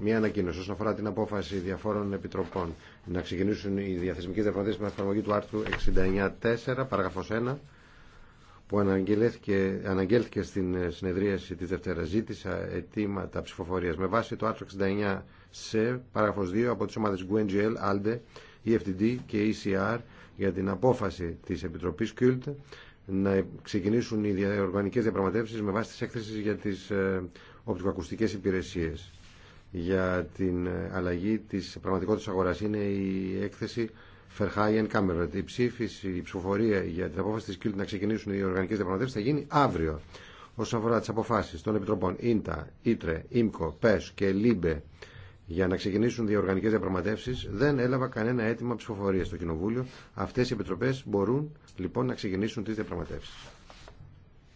Μία ανακοίνωση όσον αφορά την απόφαση διαφόρων επιτροπών να ξεκινήσουν οι διαθεσμικέ διαπραγματεύσει με εφαρμογή του άρθρου 69.4, παράγραφο 1, που αναγγέλθηκε, αναγγέλθηκε στην ε, συνεδρίαση τη Δευτέρα. Ζήτησα αιτήματα ψηφοφορία με βάση το άρθρο 69 σε παράγραφο 2 από τι ομάδε Γκουέντζιελ, ALDE, EFTD και ECR για την απόφαση τη Επιτροπή ΚΙΛΤ να ξεκινήσουν οι οργανικέ διαπραγματεύσει με βάση τι έκθεσει για τι ε, οπτικοακουστικέ υπηρεσίε για την αλλαγή της πραγματικότητας αγοράς είναι η έκθεση Φερχάιεν Κάμερετ. Η ψήφιση, η ψηφοφορία για την απόφαση της Κίλτ να ξεκινήσουν οι οργανικές διαπραγματεύσεις θα γίνει αύριο. Όσον αφορά τι αποφάσει των επιτροπών ΙΝΤΑ, ΙΤΡΕ, ΙΜΚΟ, ΠΕΣ και ΛΥΜΠΕ για να ξεκινήσουν οι οργανικές διαπραγματεύσει, δεν έλαβα κανένα αίτημα ψηφοφορία στο Κοινοβούλιο. Αυτέ οι επιτροπέ μπορούν λοιπόν να ξεκινήσουν τι διαπραγματεύσει.